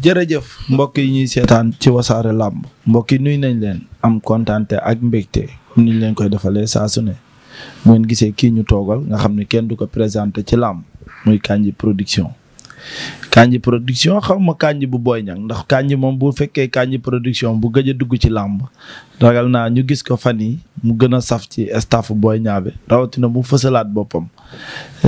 jërëjëf mbokk yi ñuy seetaan ci wasaare làmb mbokk yi nuy nañ leen am kontaante ak mbégte niñ leen koy defalee saa su ne bu gisee kii ñu toogal nga xam ne kenn du ko présenté ci làmb muy Kandji Production Kandji production xaw ma Kandji bu Boy Niang ndax Kandji moom bu fekkee Kandji production bu gëj a dugg ci làmb ragal naa ñu gis ko fan yi mu gën a saf ci staff Boy Niang rawatina mu fësalaat boppam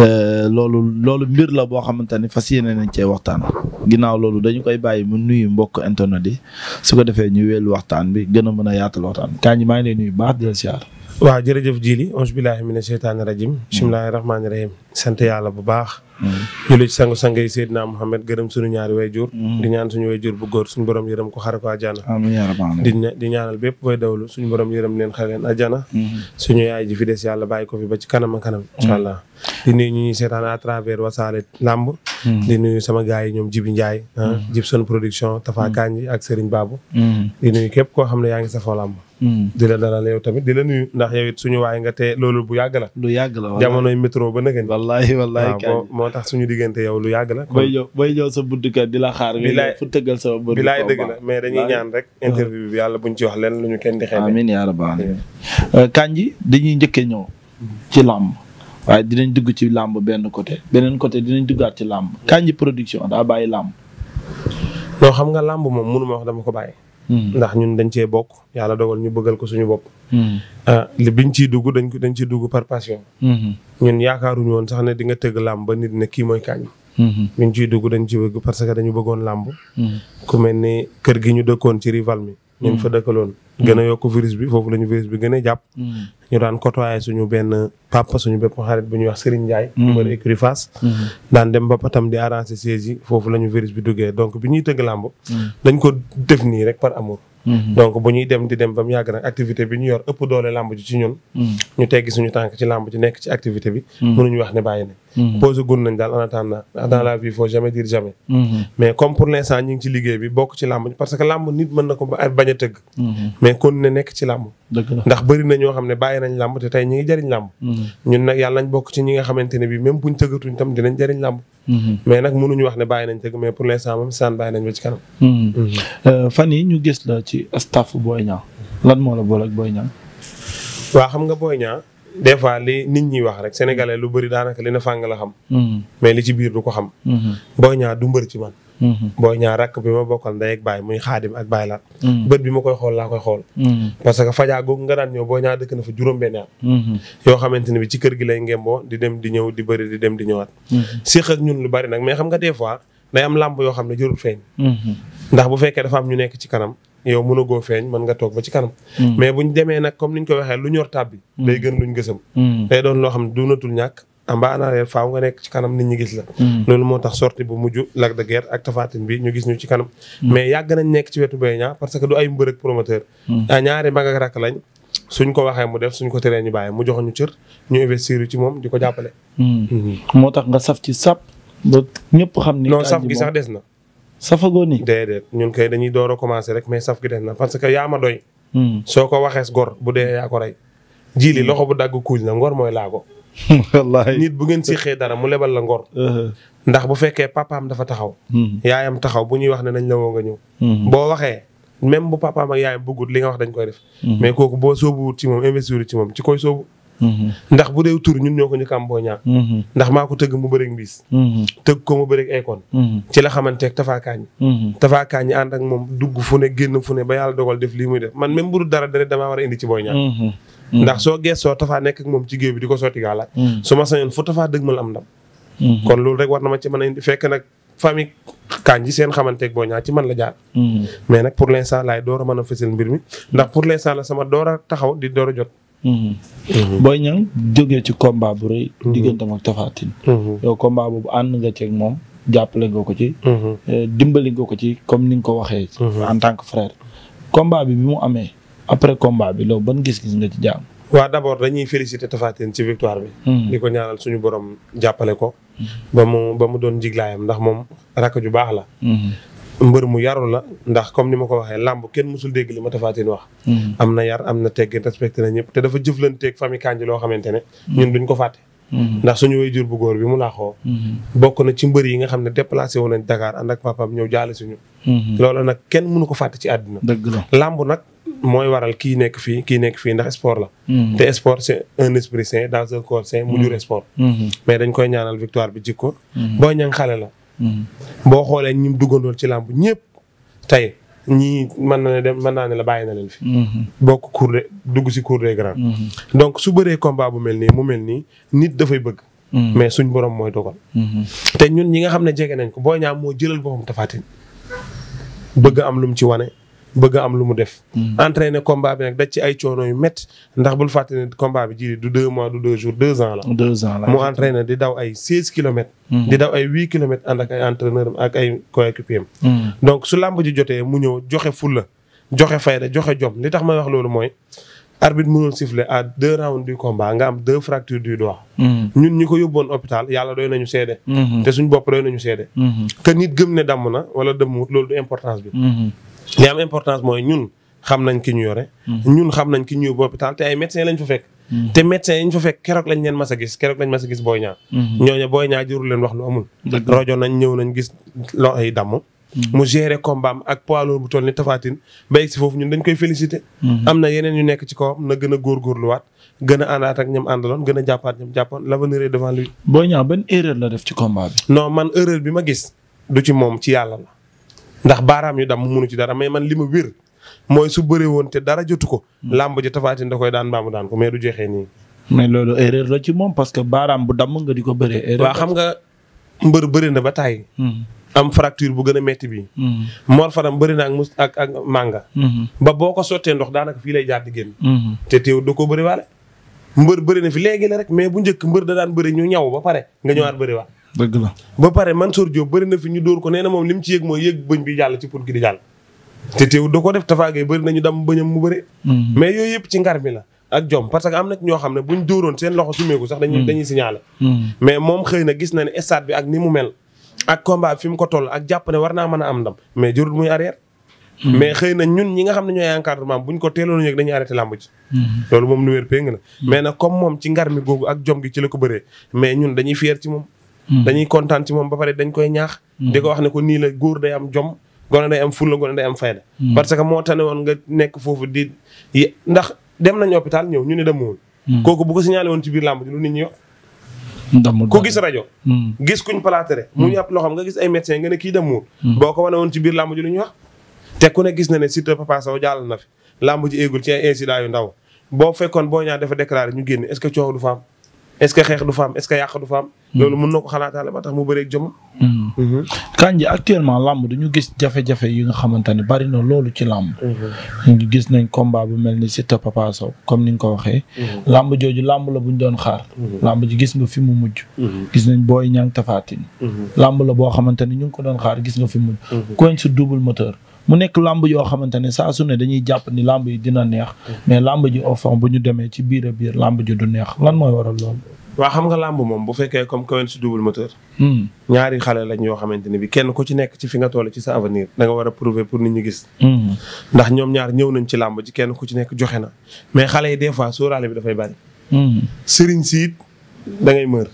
euh, loolu loolu mbir la boo xamante ni fas yéene nañ cee waxtaan ginnaaw loolu dañu koy bàyyi mu nuyu mbokk internet yi su ko defee ñu wéelu waxtaan bi gën a mën a yaatal waxtaan Kandji maa ngi lay nuyu baax di la siyaar waaw jërëjëf jili onze billahi mina sheytaani rajim bismillahi rahmaani rahim sant yàlla bu baax mm-hmm. julli ci sangu sang yi Seydina gërëm suñu ñaari wayjur mm-hmm. di ñaan suñu wayjur bu góor suñu borom yërëm ko xare ko ajana di ñaanal bépp way dawlu suñu borom yërëm leen xare leen ajana mm-hmm. suñu yaay ji fi des yàlla bàyyi ko ba ci kanam a kanam incha allah di ñu ñuy seetaan à travers Wassare Lamb di nuyu sama gars yi ñoom Jibi jib ah, Jibson production kaa Kanji ak Serigne baabu di nuyu képp koo xam ne yaa ngi safoo lamb Mm. di la dalal yow tamit di la nuyu ndax yow suñu waay nga te loolu bu yàgg la. lu yàgg la jamonoy métro ba nëgën. wallaahi wallaahi kañ moo tax suñu diggante yow lu yàgg la. booy ñëw booy ñëw sa buntu kër di la xaar. bilaay fu tëggal sa bëri mais dañuy ñaan rek. interview bi yàlla buñ ci wax leen lu ñu kenn di xeebee. amiin yaa rabbal euh, Kandji dañuy njëkkee ñëw ci làmb waaye dinañ dugg ci làmb benn côté beneen côté dinañ duggaat ci làmb Kandji production daa bàyyi làmb. non xam nga làmb moom mënuma wax dama ko bàyyi Mm. ndax ñun dañ cee bokk yàlla dogal ñu bëggal ko suñu bopp. Mm. Ah, li biñ ciy dugg dañ ko dañ ciy dugg par passion. Mm-hmm. ñun yaakaaruñu woon sax ne di nga tëgg làmb ba nit ne kii mooy kañ. Mm-hmm. biñ ciy dugg dañ ci bëgg parce que dañu bëggoon làmb. Mm-hmm. ku mel ni kër gi ñu dëkkoon ci rival mi. ñu ngi fa mm. dëkkaloon. Mm. gën a yokk virus bi foofu lañu ñu virus bi gën a jàpp. Mm. ñu daan côtoyer suñu benn papa suñu bépp xarit bu ñu wax Serigne Ndiaye. numéro écurie Fass. daan dem ba patam di arranger siège foofu la ñu virus bi duggee donc bi ñuy tëgg làmb. dañ ko def nii rek par amour. Mm-hmm. donc bu ñuy dem di dem ba mu yàgg nag activité bi ñu yor ëpp doole làmb ji ci ñun. Mm-hmm. ñu teggi suñu tànk ci làmb ji nekk ci activité bi. Mm-hmm. mënuñu wax ne bàyyi nañ. posé gun nañ daal en attendant dans la vie il faut jamais dire jamais. mais comme pour l' instant ngi ci liggéey bi bokk ci làmb ji parce que làmb nit mën na ko bañ a tëgg. mais continuer nekk ci làmb. ndax bari na ñoo xam ne bàyyi nañ làmb te tey ñi ngi jëriñ làmb. ñun nag yàlla nañ bokk ci ñi nga xamante ne bi même buñ tëggatuñ tam dinañ jëriñ làmb. Mm-hmm. mais nag mënuñu wax ne bàyyi nañ tëgg mais pour l'instant moom saan bàyyi nañ ba ci kanam. Mm-hmm. Mm-hmm. Euh, fan yi ñu gis la ci staff Boy ñaa lan moo la boole ak Boy Niang. waa xam nga Boy ñaa des fois li nit ñi wax rek sénégalais lu bëri daanaka li na fàng la xam. mais li ci biir du ko xam. Boy Niang du mbër ci man. Mm-hmm. booy ñaar rakk bi ma bokkal ndey ak baay muy xaadim ak baay laat mm-hmm. bët bi ma koy xool laa koy xool mm-hmm. parce que fajaa googu nga daan ñëw booy ñaar dëkk na fa juróom-benn at yoo ne bi ci kër gi lay ngemboo di dem di ñëw di bëri di dem di ñëwaat séq ak ñun lu bari nag mais xam nga des fois day am làmb yoo xam ne jërul feeñ ndax bu fekkee dafa am ñu nekk ci kanam yow mën a goo feeñ mën nga toog ba ci kanam mais buñ demee nag comme ñu ko waxee lu ñor tàbbi day gën luñ gësam day doon loo xam ne dunatul ñàkk en bas en arrière faaw nga nekk ci kanam nit ñi gis la. Hmm. loolu moo tax sorti bu mujj Lac de Guiers ak Tapha bi ñu gis ñu ci kanam. Hmm. mais yàgg nañ nekk ci wetu Boy Niang parce que du ay mbër ak promoteur. Hmm. Ah, ñaari mag ak rakk lañ suñ ko waxee mu def suñ ko teree ñu bàyyi mu jox ñu cër ñu investir ci moom di ko jàppale. moo tax nga saf ci sap ba ñëpp xam ni. non saf gi sax des na. safagoo ni déedéet ñun kay dañuy door a commencé rek mais saf gi des na parce que yaama doy. soo ko waxees gor bu dee yaa ko rey. loxo bu dagg kuuñ na ngor mooy laago. wallaahi nit bu ngeen séqee dara mu lebal la ngor. Uh-huh. ndax bu fekkee papaam dafa taxaw. Hmm. yaayam taxaw bu ñuy wax ne nañ la woo nga ñëw. Hmm. boo waxee même bu papaam ak yaayam bëggut li nga wax dañ koy def. Hmm. mais kooku boo soobuwut ci moom investir ci moom ci koy soobu. ndax bu dee tur ñun ñoo ko ñu kàm boo ndax maa ko tëgg mu bëreeg mbiis tëgg ko mu bëreeg ekoon ci la xamanteeg tafaakaañ tafaakaañ yi ànd ak moom dugg fu ne génn fu ne ba yàlla dogal def lii muy def man même bu dul dara dara damaa war indi ci booy ñaar Mm. ndax soo geesoo tafaa nekk moom ci géew bi di ko sotti gaalaaj mm. su ma sañoon fu tafaa dëgg ma la am ndam mm-hmm. kon loolu rek war na ma ci mën a indi fekk nag famille Kandji seen xamanteeg boo ñaa ci man la jaar mm-hmm. mais nag pour l'instant laay door a mën a fësal mbir ndax pour l'instant la sama door a taxaw di door jot mm-hmm. Boy Niang jógee ci combat bu rëy diggantam ak Tapha Tine yow combat boobu ànd nga ceeg moom jàppale nga ko ci eh, dimbali nga ko ci comme ni nga ko waxee en tant que frère combat bi bi mu amee après combat bi loolu ban gis-gis nga ci jàmm. waaw d' abord dañuy féliciter Tapha ci victoire bi. Hmm. di ko ñaanal suñu borom jàppale ko. ba mu ba mu doon jiglaayam ndax moom rakk ju baax la. Hmm. mbër mu yarul la ndax comme ni ma ko waxee làmb kenn musul dégg ma Tapha Tine wax. Hmm. am na yar am na teggin respecté na ñëpp te dafa jëflanteeg famille Kandji loo xamante ne. ñun duñ ko fàtte. ndax suñu waajur bu góor bi mu laaxoo. bokk na ci mbër yi nga xam ne déplacé wu nañ Dakar ànd ak papaam ñëw jaale suñu. loolu nag kenn mënu ko fàtte ci àddina. dëgg làmb nag mooy waral kii nekk fii kii nekk fii ndax sport la. Hmm. te sport c' est un esprit sain dans un corps sain mu hmm. jur sport. Hmm. mais dañ koy ñaanal victoire bi ko boo Niang xale la. boo xoolee ñi mu duggandool ci làmb ñëpp tey ñii mën na ne dem mën naa ne la bàyyi na leen fi. bokk cour de dugg si cour des grands. donc su bëree combat bu mel nii mu mel nii nit dafay bëgg. mais suñ borom mooy dogal. te ñun ñi nga xam ne jege nañ ko boo Niang moo jëlal boppam Tapha Tine bëgg am lu mu ci wane. bëgg am lu mu def. Hmm. entraîné combat bi nag daj ci ay coono yu métti ndax bul fàtte ne combat bi ji du deux mois du deux jours deux ans la. deux ans la mu entraîné di daw ay seize kilomètres. Hmm. di daw ay huit kilomètres ànd ak ay entraîneur am ak ay coéquipier am. Hmm. donc su làmb ji jotee mu ñëw joxe fulla joxe fayda joxe jom li tax may wax loolu mooy. arbitre mënoon siffler à deux rounds du combat nga am deux fractures du doigt. ñun ñi ko yóbboon hôpital yàlla doy nañu seede. te suñ bopp doy nañu seede. que na wala dëmmuwut loolu importance bi. li am importance mooy ñun xam nañ ki ñu yore. Mm-hmm. ñun xam nañ ki ñu yóbbu hôpital te ay médecin lañ fa fekk. Mm-hmm. te médecin yi ñu fa fekk keroog lañ leen mas a gis keroog lañ a gis booy ñaa mm-hmm. ñooñu booy ñaa jurul leen wax lu amul. rojo nañ ñëw nañ gis loxo yi damm. mu géré kombaam ak poids bu toll ni tafaatin ba egg si foofu ñun dañ koy félicité. am na yeneen yu nekk ci kawam na gën a góorgóorluwaat gën a àndaat ak ñam àndaloon gën a jàppaat ñam jàppoon l'avenir est devant lui. booy ñaa la def ci combat bi. non man erreur bi ma gis du ci moom ci yàlla la ndax baaraam yu dam mu munu ci dara mais man li ma wér mooy su bëree woon te dara jotu ko. làmb ji tafaatin da koy daan mbaamu daan ko mais du jeexee nii. mais loolu erreur la ci moom parce que baaraam bu damm nga di ko bëree. waa xam nga mbër bëri na ba taay. Hmm. am fracture bu gën a metti bi hmm. Mor Fadam bëri na ak mus ak ak hmm. ba boo ko sottee ndox daanaka fii lay jaar di génn. te teew da koo bëri waale. mbër bëri na fi léegi la rek mais bu njëkk mbër da daan bëri ñu ñaw ba pare nga ñëwaat bëri waat. dëgg la ba pare Mansour Diop bëri na fi ñu door ko nee na moom li mu ci yëg mooy yëg bëñ bi jàll ci pour gi jàll. te teewul da ko def tafaagee bëri nañu dam bëñam mu bëri. Mhm. mais yooyu yëpp ci ngar mi la. ak jom parce que am na ñoo xam ne buñ dóoroon seen loxo sumeeku sax dañuy mhm. dañuy signalé. Mhm. mais moom xëy na gis na ne stade bi ak ni mu mel. ak fi mu ko toll ak jàpp war naa mën a am dam mais jurul muy arrière. mais xëy na ñun ñi nga xam ne ñooy encadrement buñ ko teeloon yëg dañuy arrêté làmb ji. loolu moom lu wér péng la. mais nag comme moom ci ngar mi googu ak jom gi ci la ko bëree mais ñun dañuy fier ci moom. Hmm. dañuy kontaan ci moom ba pare dañ koy ñaax. Hmm. di ko wax ne ko nii la góor day am jom. gone day am fulla gone day am fayda. Hmm. parce que moo tane woon nga nekk foofu di ndax dem nañ hôpital ñëw ñu ne demuwul. kooku bu ko signalé woon ci biir làmb ji lu nit ñi wax. ko gis rajo. gis kuñ palaatere. mu ñàpp loo xam nga gis ay médecin nga ne kii demuwul. boo ko wane woon ci biir làmb ji lu ñuy wax. te ku ne gis na ne Siteu Papa Sow jàll na fi làmb ji eegul ci ay incident yu ndaw boo fekkoon boo ñaar dafa déclaré ñu génn est-ce que coow du fa est-ce que xeex du fa am est-ce que yàq du fa hmm. loolu mën na ko xalaataale ba tax mu bëreeg jom. Hmm. Hmm. Kandji actuellement làmb dañu gis jafe-jafe yi nga xamante ne bari na loolu ci làmb. ñu gis nañ combat bu mel ni si Papa Sow comme ni nga ko waxee. làmb jooju làmb la buñ doon xaar. làmb ji gis nga fi mu mujj. gis nañ booy Niang Tapha Tine. làmb la boo xamante ni ñu ngi ko doon xaar gis nga fi mu mujj. si double moteur. mu nekk làmb yoo xamante ne saa su dañuy jàpp ni làmb yi dina neex mais làmb ji au fond bu ñu demee ci biir a biir làmb ji du neex lan mooy war a loolu. waa xam nga làmb moom bu fekkee comme Quench si hmm. ñaari xale lañ yoo xamante ne bi kenn ku ci nekk ci fi nga toll ci sa avenir da nga war a prouver pour nit ñi gis. Hmm. ndax ñoom ñaar ñëw nañ ci làmb ji kenn ku ci nekk joxe na mais xale yi des fois sóoraale bi dafay bari. Hmm. sëriñ siit da ngay mër.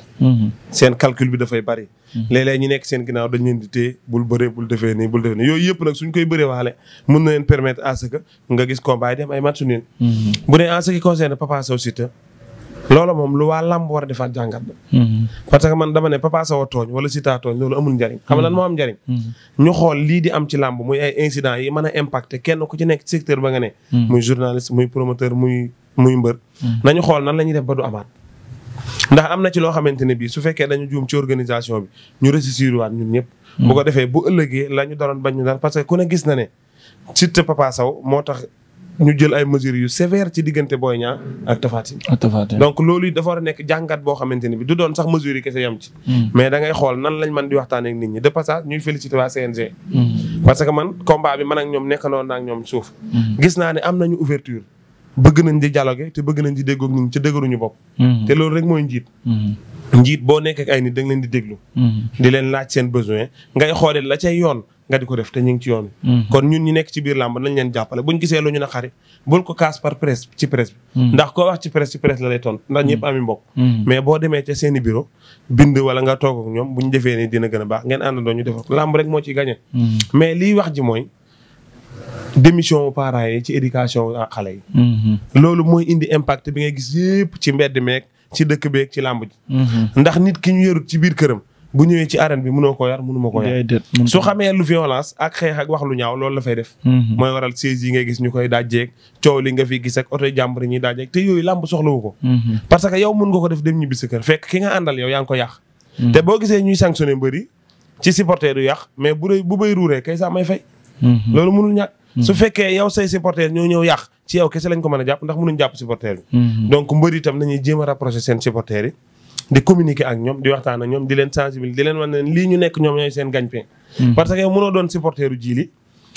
seen calcul bi dafay bari. Mm-hmm. léeg-léeg ñu nekk seen ginnaaw dañ leen di téye bul bëree bul defee nii bul defee nii yooyu yëpp nag suñ koy bëree waale mën na leen permettre à ce nga gis combat yi dem ay match nul mm-hmm. bu dee en Papa Sow Siteu loolu moom waa làmb war a defaat jàngat mm-hmm. parce que man dama ne Papa Sow a tooñ wala Siteu a amul njariñ xam nga moo am njariñ ñu xool lii di am ci làmb muy ay incidents yi mën a impacté kenn ku ci nekk secteur ba nga ne muy journaliste muy promoteur muy muy mbër nañu xool nan la ñuy def ba du amaat ndax am na ci loo xamante ne bii su fekkee dañu juum ci organisation bi ñu réussir waat ñun ñëpp. bu ko defee bu ëllëgee la ñu doon bañ ñu daan parce que ku ne gis na ne surtout Papa moo tax ñu jël ay mesures yu sévère ci diggante Boy Niang ak Tapha Tine. ak Tapha loolu it dafa a nekk jàngat boo xamante ni bi du doon sax mesures yi yam ci. Hmm. mais da xool nan lañ mën di waxtaanee nit ñi de passage ñuy féliciter waa CNG. Hmm. parce que man combat bi man ak ñoom nekkandoo na ak ñoom suuf. Hmm. gis naa ne am nañu ouverture bëgg nañ di dialoguer te bëgg nañ di déggoog nit ñi ci dëgëruñu bopp. Mhm. te loolu rek mooy njiit. Mhm. njiit boo nekkee ay ni da nga leen di déglu. Mhm. di leen laaj seen besoin ngay xoolee la cay yoon nga di ko def te ñu ngi ci yoon kon ñun ñu nekk ci biir làmb nañ leen jàppale buñ gisee lu ñu na xari bul ko kaas par presse ci presse bi. ndax koo wax ci presse ci presse la lay ton ndax am ami mbokk. mais boo demee ca seen i bureau bind wala nga toog ñoom bu ñu defee nii dina gën baax ngeen àndandoo ñu defar làmb rek moo ciy gagné. mais liy wax ji mooy démission parents yi ci éducation xale yi. Mm-hmm. loolu mooy indi impact bi ngay gis yëpp ci mbedd meek ci dëkk beek ci làmb ji. Mm-hmm. ndax nit ki ñu yarut ci biir këram. bu ñëwee ci arène bi mënoo ko yar mënuma ko yar su xamee lu violence ak xeex ak wax lu ñaaw loolu la fay def mm-hmm. mooy waral saisie yi ngay gis ñu koy dajjeeg coow li nga fi gis ak oto jàmbur ñuy dajjeeg te yooyu làmb wu ko parce que yow mun nga ko def dem ñibbi sa kër fekk ki nga àndal yow yaa ngi ko yàq te boo gisee ñuy sanctionné mbëri mais bu bu bay ruuree kay sax may fay su fekkee yow say supporters ñoo ñëw yàq ci yow kese lañ ko mën a jàpp ndax mënuñ jàpp supporters bi mhm. donc mbër itam nañuy jéem a rapproché seen supporters yi di communiquer ak ñoom di waxtaan ak ñoom di leen sensibiliser di leen wan ne lii ñu nekk ñoom ñooy seen gagne-pain mhm. parce que mënoo doon supporteru Jili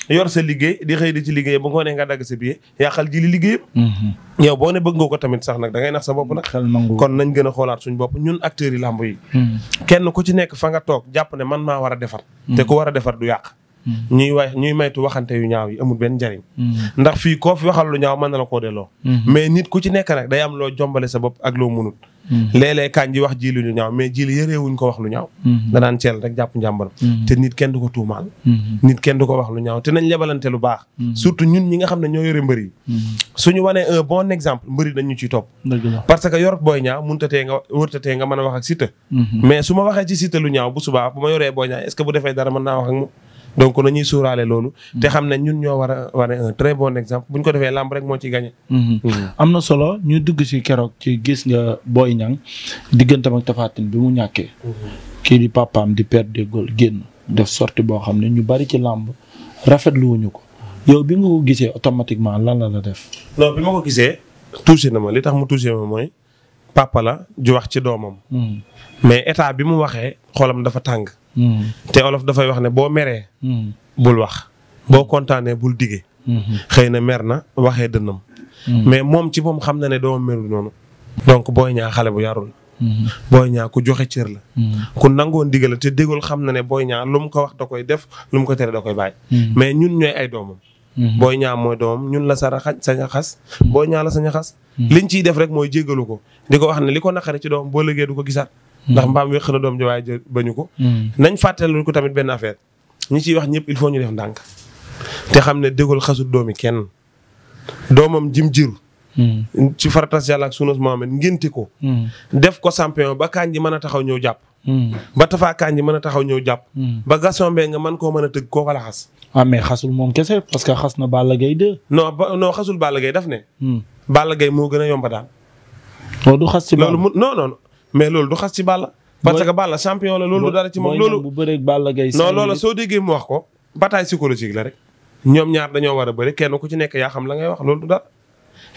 yor sa liggéey di xëy di ci liggéey bu nga nee nga dagg sa biir yàqal ji li liggéeyam mhm. yow boo ne bëgg nga ko tamit sax nag da ngay nax sa bopp nag kon nañ gën a xoolaat suñ bopp ñun acteurs yi làmb yi kenn ku ci nekk fa nga toog jàpp ne man maa war a defar te ku war a defar du yàq Mm. ñuy way ñuy maytu waxante yu ñaaw yi amul benn njariñ mm. ndax fii koo fi waxal lu ñaaw man na la koo loo mm-hmm. mais nit ku ci nekk rek day am loo jombale sa bopp ak loo munut mm-hmm. léeg-léeg kañ ji wax ji lu ñu ñaaw mais ji li yëreewuñ ko wax lu ñaaw mm-hmm. danaan ceel rek jàpp njàmbaram te nit kenn du ko tuumaal nit kenn du ko wax lu ñaaw te nañ lebalante lu baax surtout ñun ñi nga xam ne ñoo yore mbër yi suñu wanee un bon exemple mbër yi dañu ciy topp parce que yor booy ñaaw muntatee nga wërtatee a wax ak Siteu mais su ma waxee ci Siteu lu ñaaw bu subaa bu ma yoree booy ñaaw est-ce que bu defee dara mën naa wax moom donc ñuy suuraale loolu. Mm-hmm. te xam ne ñun ñoo war a wane un très bon exemple bu ñu ko defee làmb rek moo ci gagné. Mm-hmm. Mm-hmm. am na solo ñu dugg ci keroog ci gis nga Boy ñang diggante ma Tapha Tine bi mu ñàkkee. kii di papaam di perte de gol génn def sortie boo xam ne ñu bari ci làmb rafetlu wuñu ko yow bi nga ko gisee automatiquement lan la la def. non bi ma ko gisee touché na ma li tax mu touché ma mooy papa la ju wax ci doomam. mais état bi mu waxee xolam dafa tàng. te olof dafay wax ne boo meree. bul wax boo kontaanee bul dige. xëy na mer na waxee dënnam. mais moom ci moom xam na ne doo merul noonu. donc booy ñaa xale bu yarul. booy ñaa ku joxe cër la. ku nangoo ndigal la te dégul xam na ne booy ñaa lu mu ko wax da koy def lu mu ko tere da koy bàyyi. mais ñun ñooy ay doomam. booy ñaa mooy doomam ñun la sa raxas sañ a xas. booy ñaa la sañ a xas. liñ ciy def rek mooy jégalu ko di ko wax ne li ko naqare ci doomam boo lëgee ko gisaat. ndax mbaam wéq na doom ji waaye jë bañu ko. Hmm. nañ fàttaliku tamit benn affaire ñi ciy wax ñëpp il faut ñu def ndànk. te xam ne dégul xasut doomi kenn doomam jim jir hmm. ci faratas yàlla ak sunas Mohamed ngénte ko. Hmm. def ko champion ba kañ ji mën a taxaw ñëw jàpp. ba tafaa kañ mën a taxaw ñëw jàpp. ba Gaston Mbengue nga mën koo mën a tëgg koo ko la xas. ah mais xasul moom kese parce que xas na Balla gay 2. non ba non xasul Balla gay def ne. Balla Gaye moo gën a yomba daal. loolu du xas ci loolu non non mais loolu du xas ci Balla. parce que Balla champion la loolu dara ci moom loolu bu bëree Balla Gaye non soo déggee mu wax ko bataille psychologique la rek ñoom ñaar dañoo war a bëri kenn ku ci nekk yaa xam la ngay wax loolu du dara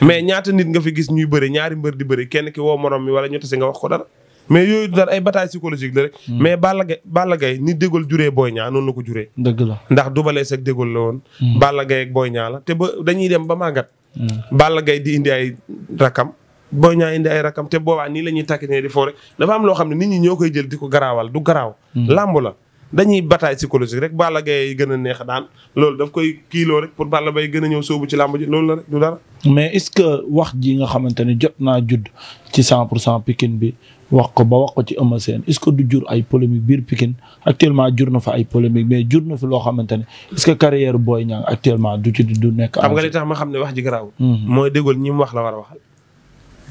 mais ñaata nit nga fi gis ñuy bëri ñaari mbër di bëri kenn ki woo morom mi wala ñu tase nga wax ko dara mais yooyu dara ay bataille psychologique la rek. Hmm. mais Balla Gaye Balla Gaye ni déggul juree Boy Niang noonu la ko juree. dëgg la ndax du balees ak déggul la woon. Hmm. Balla Gaye ak Boy la te ba dañuy dem ba màggat. Hmm. Balla Gaye di indi ay rakam Boy Niang indi ay rakam te boobaa nii la ñuy takk ne di foo rek dafa am loo xam ne nit ñi ñoo koy jël di ko garaawal du garaaw. Hmm. làmb la dañuy bataille psychologique rek Balla Gaye gën a daan loolu daf koy kiiloo rek pour Balla Gaye gën a ñëw sóobu ci làmb ji loolu la rek du dara. mais est que wax ji nga xamante ne jot naa judd ci 100 cent Pikine bi wax ko ba wax ko ci Eumeu Sène est-ce que du jur ay polémique biir Pikine actuellement jur na fa ay polémique mais jur na fi loo xamante ne est-ce que carrière Boy Niang actuellement du nekk. xam nga li tax xam ne wax ji garaawul. Hmm. mooy mu wax la war a waxal.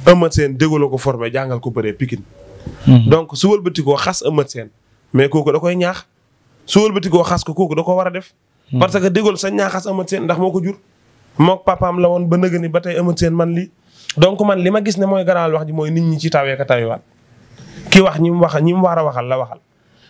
Eumeu Sène Dégol la ko formé jàngal ko bëree Pikine. Mhm. donc su wëlbatikoo xas Eumeu Sène mais kooku da koy ñaax su wëlbatikoo xas ko kooku da ko war a def. Mhm. parce que Dégol sa ñaaxas Eumeu Sène ndax moo ko jur. moog papaam la woon ba nëgë ni ba tey Eumeu Sène man li donc man li ma gis ne mooy garaal wax ji mooy nit ñi ci tawee ka tawiwaat ki wax ñi mu wax ñi mu war a waxal la waxal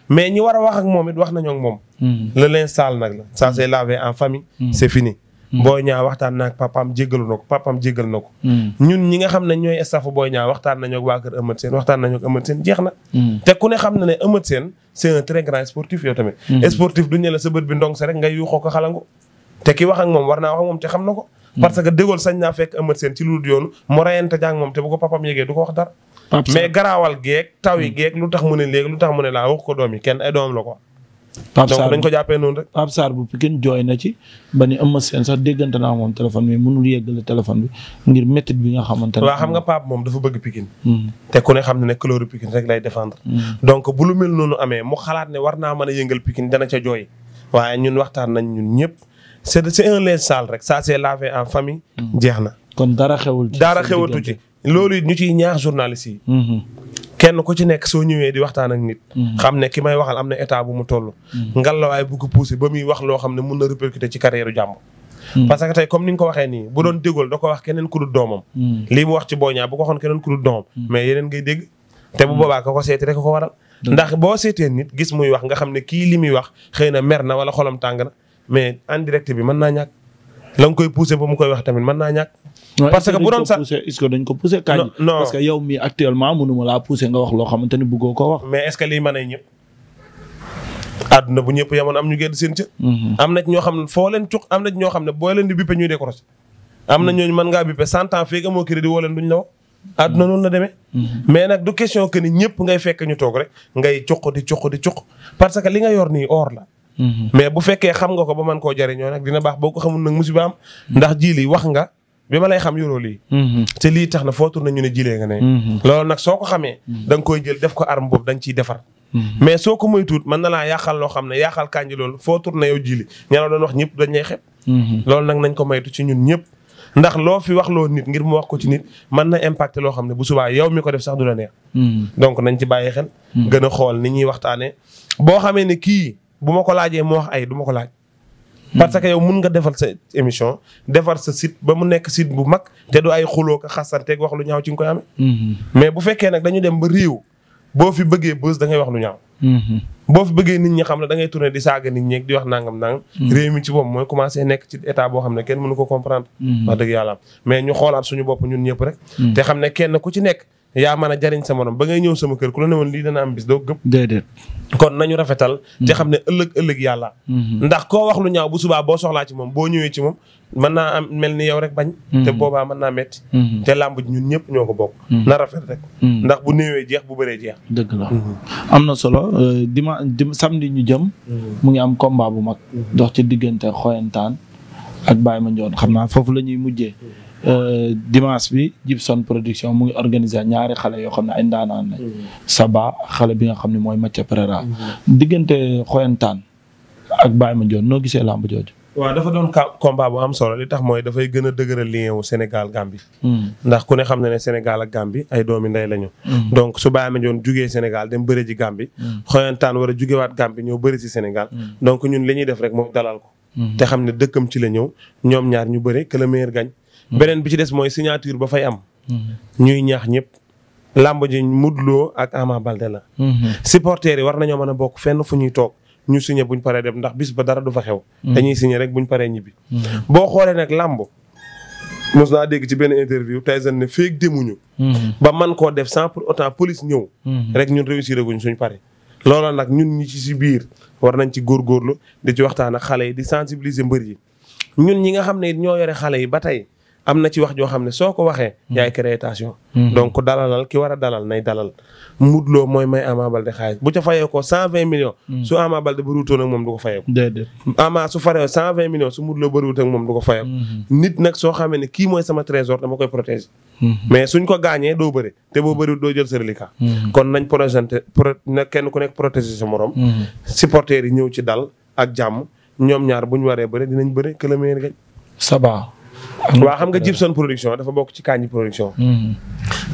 mais ñi war a wax ak moom it wax nañoo ak moom. Mhm. le linge sale nag la ça c'est lavé en famille. c'est fini. Mm. booy ñaa waxtaan na ak papaam jéggalu ko papaam jéggal na ko. Mm. ñun ñi nga xam ne ñooy staffu booy ñaa waxtaan nañu ak waa kër Eumeu Sène waxtaan nañu ak Eumeu jeex na. Mm. te ku xam na ne Eumeu Sène c'est un très grand sportif yow tamit. sportif du ñu la bi ndong sa rek ngay yuuxoo ko xalangu. te ki wax ak moom war naa wax moom te xam na ko. parce que dégool sañ naa fekk Eumeu Sène ci lu dul yoonu mu rayante jàng moom te bu ko papaam yëgee du ko wax dara. mais garaawal geeg taw yi geeg lu tax mu ne léegi lu tax mu ne laa wax ko doom yi kenn ay doom ko Pape Sarr dañ ko jàppee noonu rek. Pape Sarr bu Pikine jooy na ci ba ni Eumeu Sène sax déggante naa moom téléphone bi mënul yeggale téléphone bi ngir métit bi nga xamante ne. waaw xam nga Pape moom dafa bëgg Pikine. Hmm. te ku ne xam ne ne couleur Pikine rek lay défendre. Hmm. donc bu lu mel noonu amee mu xalaat ne war naa mën a yëngal Pikine dana ca jooy. waaye ñun waxtaan nañ ñun ñëpp c'est c'est un linge sale rek ça c'est lavé en famille. Hmm. jeex na kon dara xewul ci dara xewatu ci loolu it ñu ciy ñaax kenn ku ci nekk soo ñëwee di waxtaan ak nit. Mm-hmm. xam ne ki may waxal am na état bu mu toll. Mm-hmm. ngallaawaay lawaay ko poussé ba muy wax loo xam ne mun na répercuter ci carrière jàmm. Mm-hmm. parce que tey comme ni nga ko waxee nii bu doon déggoo da ko wax keneen ku dul doomam. mu wax ci booñaa bu ko waxoon keneen ku dul doomam. mais yeneen ngay dégg. te bu boobaa ka ko seeti rek ko waral. ndax boo seetee nit gis muy wax nga xam ne kii li muy wax xëy na mer na wala xolam tàng na mais en direct bi mën naa ñaak la koy poussé ba mu koy wax tamit mën naa ñàkk. parce que bu doon sax est ko poussé kañ parce que yow mi actuellement mënuma laa poussé nga wax loo xamante ni bëggoo koo wax. mais est-ce que ñëpp. àdduna bu ñëpp yamoon am ñu gedd seen mhm. am na ñoo xam ne foo leen cuq am na ñoo xam ne boo leen di bippe ñuy décroché. am na mhm. ñooñu mën ngaa bippe cent ans fii amoo crédit woo leen duñ la wax. àdduna mhm. noonu la demee. mais nag du question que ni ñëpp ngay fekk ñu toog rek ngay cuq di cuq di cuq parce que li nga yor nii oor la. mais bu fekkee xam nga ko ba mën koo jariñoo nag dina baax boo ko xamul nag musiba am. ndax ji li wax nga bi ma lay xam yoroo lii. Mm-hmm. te lii tax na foo tourné ñu ne jilee nga ne. Mm-hmm. loolu nag soo ko xamee. Mm-hmm. da koy jël def ko arme boobu da nga ciy defar. mais soo ko moytuwut mën na laa yàqal loo xam ne yàqal kànji loolu foo tourné yow jili ña la doon wax ñëpp dañ lay loolu nag nañ ko maytu ci ñun ñëpp. ndax loo fi wax loo nit ngir mu wax ko ci nit mën na impacté loo xam ne bu subaa yow mi ko def sax du la neex. donc nañ ci bàyyi xel. gën a xool ni ñuy waxtaanee. boo xamee ne kii bu ma ko laajee mu wax ay du ko laaj. parce que yow mun nga defar sa émission defar sa sit ba mu nekk site bu mag te du ay xuloo ko xasanteeg wax lu ñaaw ci nga koy am mm-hmm. mais bu fekkee nag dañu dem ba réew boo fi bëggee bës da ngay wax lu ñaaw. Mm-hmm. boo fi bëggee nit ñi xam ne da ngay tourné di saaga nit ñeeg di wax nangam nangam. Mm-hmm. réew mi ci boppam mooy commencé nekk ci état boo xam ne kenn mënu ko comprendre. wax yàlla mais ñu xoolaat suñu bopp ñun ñëpp rek. te xam ne kenn ku ci nekk yaa man a jariñ sa morom ba ngay ñëw sama kër ku la ne woon lii dana am bis doo gëpp déedéet kon nañu rafetal te mm-hmm. xam ne ëllëg ëllëg yàlla mm-hmm. ndax koo wax lu ñaaw bu subaa boo soxlaa ci moom boo ñëwee ci moom mën naa am mel ni yow rek bañ mm-hmm. te boobaa mën naa metti te làmb ji ñun ñëpp ñoo ko bokk na rafet rek ndax bu néewee jeex bu bëree jeex dëgg la am na solo euh, dima samedi ñu jëm mu ngi am combat bu mag dox ci diggante xoyantaan ak ma Mandione xam naa foofu la ñuy mujjee Euh, dimanche bi Gibson production mu ngi organisé ñaari xale yoo xam ne ay ndaanaan lañ. Mm-hmm. Saba xale bi nga xam ne mooy Mathia Pereira. Mm-hmm. diggante xoyantaan ak Baye Mandione noo gisee làmb jooju. waaw dafa doon combat bu am solo li tax mooy dafay gën a dëgëral lien wu Sénégal Gambie. Mm. ndax ku ne xam na ne Sénégal ak Gambie ay doomi ndey lañu. Mm. donc su ma Mandione jugee Sénégal dem bëre ji Gambie. Mm. xoyantaan war a jugewaat Gambie ñoo bëre si Sénégal. donc ñun lañuy def rek moo dalal ko. te xam ne dëkkam ci la ñëw ñoom ñaar ñu bëre que le meilleur beneen bi ci des mooy signature ba fay am. ñuy ñaax ñëpp. làmb ji Modou ak Ama Balde la. supporters yi war nañoo mën a bokk fenn fu ñuy toog ñu signé buñ paree dem ndax bis ba dara du fa xew. dañuy signé rek buñ paree ñibbi. boo xoolee nag làmb mos naa dégg ci benn interview Tyson ne feeg demuñu. ba man koo def sans pour autant police ñëw. rek ñun réussir guñ suñ pare. loola nag ñun ñi ci si biir war nañ ci góor góorlu di ci waxtaan ak xale yi di sensibiliser mbër yi ñun ñi nga xam ne ñoo yore xale yi ba tey am na ci wax joo xam ne soo ko waxee. Hmm. yaay créé tension. Hmm. donc dalalal ki war a dalal nay dalal. Modou loo mooy may Ama Baldé xaalis bu ca fayee ko cent vingt millions. Hmm. su Ama Baldé bëriwutoon ak moom du ko fayee ko. faree cent vingt millions su Modou Lo bëriwut ak ko fayee ko. nit nag soo xamee ne kii mooy sama trésor dama koy protéger. mais suñ ko gaañee doo bëri te boo bëriwut doo jël sa reliquat. kon nañ protéger pro kenn ku nekk protéger sa morom. supporters yi ñëw ci dal ak jàmm ñoom ñaar bu ñu waree bëri dinañ bëri que le meilleur gagne. Saba. waa xam nga Jibson production dafa bokk ci Kandji production. Hmm.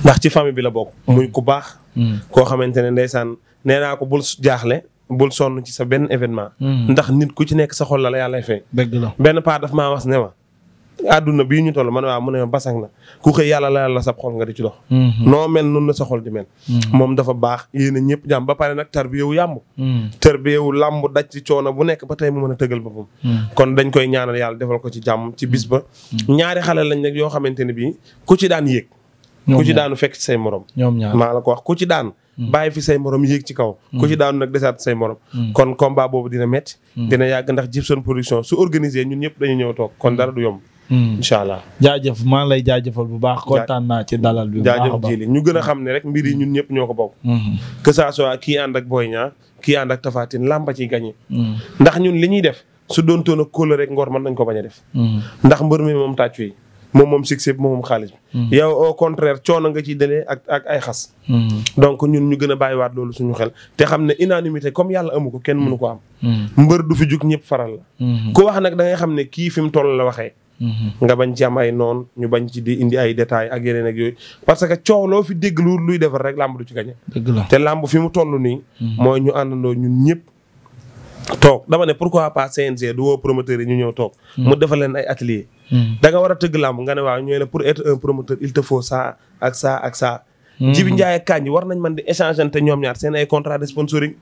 ndax ci famille bi la bokk. Hmm. muy ku baax. Hmm. koo xamante ne ndeysaan nee naa ko bul jaaxle. bul sonn ci sa benn événement. ndax nit ku ci nekk sa xol la la yàlla fay. dëgg la benn part daf maa was ne ma. àdduna bii ñu toll man waaw mu ne basang na ku xëy yàlla la la sab xol nga di ci dox mhm. noo mel noonu la sa xol di mel mhm. moom dafa baax yéen a ñëpp jàmm ba pare nag tarbiyewu yàmb mhm. tarbiyewu làmbu daj ci coono bu nekk ba tey mu mën a tëgal boppam kon dañ koy ñaanal yàlla defal ko ci jàmm ci bis ba ñaari xale lañ nag yoo xamante ne bii ku ci daan yéeg ku ci daanu fekk say morom ñoom ñaar maa la ko wax ku ci daan bàyyi fi say morom yéeg ci kaw ku ci daanu desaat say morom kon combat boobu dina metti dina yàgg ndax Jibson production su organisé ñun ñëpp dañu ñëw toog kon dara du yomb Hmm. incha allah jaajaf maa lay jaajëfal bu baax kontaan naa ci dalal bi. jaajëf jili ñu gën a xam ne rek mbir yi ñun ñëpp ñoo ko bokk. Hmm. que ça soit kii ànd ak Boy Niang kii ànd ak Tapha Tine làmba ciy hmm. ndax ñun li ñuy def su doon toon ak kóol rek ngor mën nañ ko bañ a def. ndax mbër mi moom tàccu yi moom moom succès moom xaalis bi. yow au contraire coono nga ciy dalee ak ak ay xas. donc ñun ñu gën a bàyyiwaat loolu suñu xel te xam ne unanimité comme yàlla amu ko kenn mënu ko am. mbër du fi jug ñëpp faral la. ku wax nag da ngay xam ne kii fi mu toll la waxee Mm-hmm. nga bañ ci am ay noon ñu bañ ci di indi ay détails ak yeneen ak yooyu parce que coow loo fi dégg luy defar rek làmb du ci gañe te làmb fi mu toll nii mm-hmm. mooy ñu àndandoo ñun ñëpp toog dama ne pour pourquoi pas CNG du woo promoteur yi ñu ñëw toog mm-hmm. mu defal leen ay atelier da nga war a tëgg làmb nga ne waaw ñooy la pour être un promoteur il te faut ça ak ça ak ça jibi njaay ak kañ war nañ man di échanger te ñoom ñaar seen ay contrat de sponsoring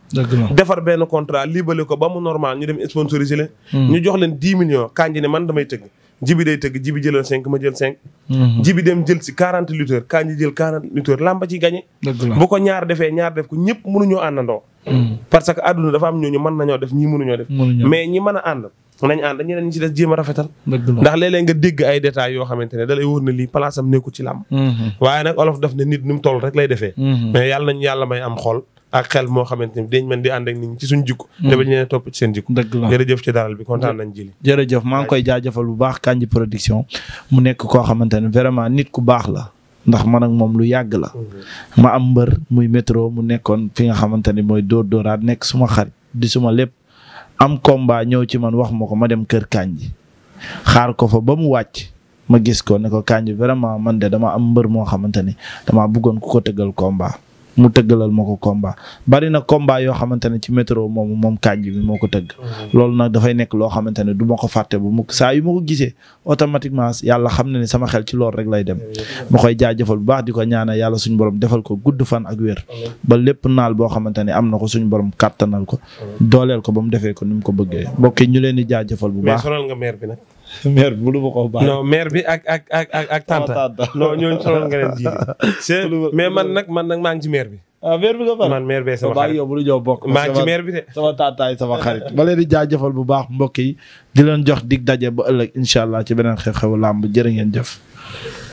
defar benn contrat libale ko ba mu normal ñu dem sponsoriser leen ñu jox leen dix millions kañ ne man damay tëgg jibi day tëgg jibi jëlal cinq ma jël cinq mhm. jibi dem jël si quarante lutteurs kaa ñi jël quarante lutteurs làmba ci gagné bu ko ñaar defee ñaar def ko ñëpp mënuñoo àndandoo mhm. parce que àdduna dafa am ñooñu mën nañoo def ñii ñoo def mais ñi mën a ànd nañ ànd ñeneen ñi ci des jéem a rafetal ndax léeg-léeg nga dégg ay détails yoo xamante ne da lay wóor na lii place am nekku ci làmb mhm. waaye nag olof daf ne nit ni mu toll rek lay defee mais yàlla nañ yàlla may am xol ak xel moo xamante ni dañ mën di ànd ak nit ci suñ jikko mm. te topp ci seen jikko dëgg la jërëjëf ci daral bi kontaan nañ jili jërëjëf maa ngi koy jaajëfal bu baax Kandji Production mu nekk koo xamante ne vraiment nit ku baax la ndax man ak moom lu yàgg la mm-hmm. ma am mbër muy métro mu nekkoon fi nga xamante ni mooy dóor dóoraat nekk suma xarit di suma lépp am combat ñëw ci man wax ma ko ma dem kër Kandji xaar ko fa ba mu wàcc ma gis ko ne ko Kandji vraiment man de dama am mbër moo xamante ni dama buggoon ku ko tëggal combat mu tëggalal ma ko combat bari na combat yoo xamante ne ci métro moom moom kànj bi moo ko tëgg mhm. loolu nag dafay nekk loo xamante ne du ma ko fàtte bu mukk saa yu ma ko gisee automatiquement yàlla xam na ne sama xel ci loolu rek lay dem mhm. ma koy jaajëfal bu baax di ko ñaanal yàlla suñu borom defal ko gudd fan ak wér ba lépp naal boo xamante ne am na ko suñu borom kàttanal ko dooleel ko ba mu defee ko ni mu ko bëggee mbokk ñu leen di jaajëfal bu baax maire bi mënu ma koo baax. maire bi ak ak ak ak ak tanta oh, non ñooñu mais man nag man nag maa ngi ci maire bi. ah maire bi nga far man maire bee sama xarit yow mënu ñoo bokk. maa ngi ci maire bi de sama sa sama xarit. ma leen di jaajëfal bu baax mbokk yi di leen jox dig daje ba ëllëg incha allah ci beneen xew-xewu bu jërë ngeen jëf.